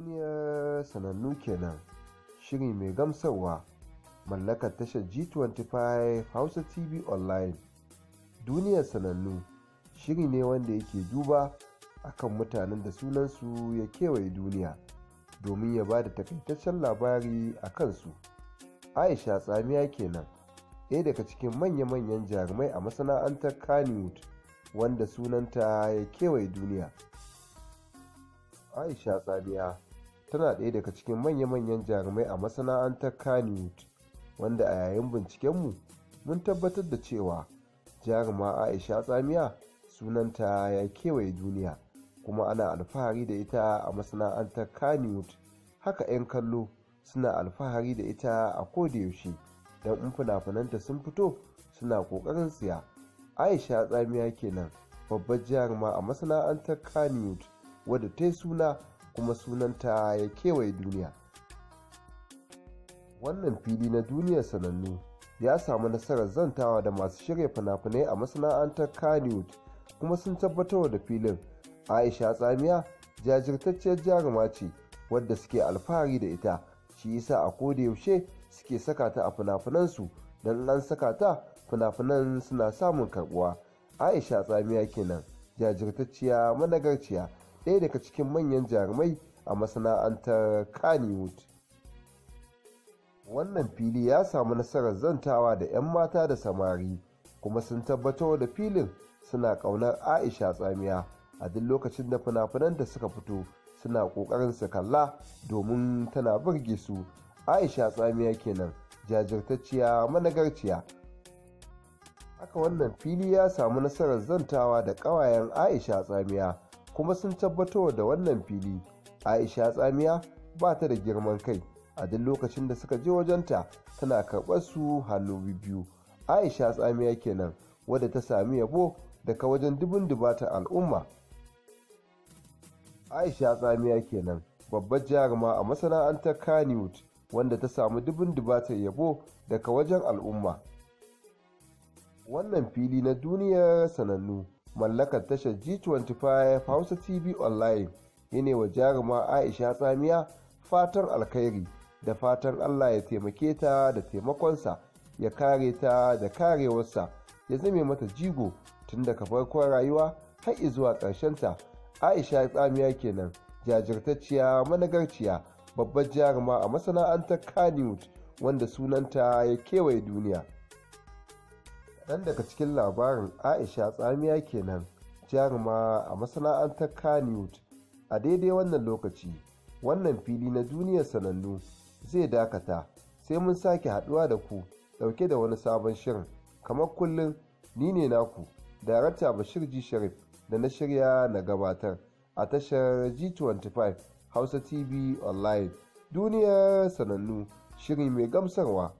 duniyar sanannu kenan shiri mai gamsarwa mallakar tashar G25 Hausa TV Online. Duniyar sanannu shiri ne wanda yake duba akan mutanen da sunansu ya kewaye duniya domin ya ba da takaitaccen labari a kansu. Aisha tsamiya kenan, ɗaya daga cikin manya-manyan jarumai a masana'antar Kannywood wanda sunanta ya kewaye duniya. Aisha tsamiya tana ɗaya daga cikin manya-manyan jarumai a masana'antar kaniwood wanda a yayin bincikenmu mun tabbatar da cewa jaruma aisha tsamiya sunanta ya kewaye duniya kuma ana alfahari da ita a masana'antar kaniwood haka 'yan kallo suna alfahari da ita a kodayaushe don in fina-finanta sun fito suna ƙoƙarin siya aisha tsamiya kenan babbar jaruma a masana'antar kannywood wadda ta suna kuma sunanta ya kewaye duniya wannan fili na duniyar sanannu ya samu nasarar zantawa da masu shirya fina-finai a masana'antar kaniwood kuma sun tabbatar da filin aisha tsamiya jajirtacciyar jaruma ce wadda suke alfahari da ita shi yasa a koda yaushe suke saka ta a fina-finansu don an saka ta fina-finan suna samun karbuwa aisha tsamiya kenan jajirtacciya managarciya ɗaya daga cikin manyan jarumai a masana'antar kannywood wannan fili ya samu nasarar zantawa da 'yan mata da samari kuma sun tabbatar da filin suna ƙaunar aisha tsamiya a duk lokacin da fina-finan da suka fito suna ƙoƙarin su kalla domin tana burge su aisha tsamiya kenan jajirtacciya managarciya haka wannan fili ya samu nasarar zantawa da ƙawayen aisha tsamiya kuma sun tabbatar da wannan fili aisha tsamiya ba ta da girman kai a duk lokacin da suka je wajenta tana karɓar su hannu biyu aisha tsamiya kenan wadda ta sami yabo daga wajen dubin dubatan al'umma aisha tsamiya kenan babbar jaruma a masana'antar kaniwood wanda ta samu dubin dubatan yabo daga wajen al'umma wannan fili na duniyar sanannu mallakar tashar G25 Hausa TV Online ne wa jaruma Aisha Tsamiya fatan alkhairi da fatan Allah ya taimake ta da taimakonsa ya kare ta da karewarsa ya zame mata jigo tun daga farkon rayuwa har zuwa ta Aisha Tsamiya kenan jajirtacciya managarciya babbar jaruma a masana'antar Kannywood wanda sunanta ya kewaye duniya. ɗan daga cikin labarin aisha tsamiya kenan jaruma a masana'antar kaniwood a daidai wannan lokaci wannan fili na duniyar sanannu zai dakata sai mun sake haɗuwa da ku ɗauke da wani sabon shirin kamar kullum ni ne naku darakta bashir g sharif da na shirya na gabatar a tashar g25 hausa tv online duniyar sanannu shiri mai gamsarwa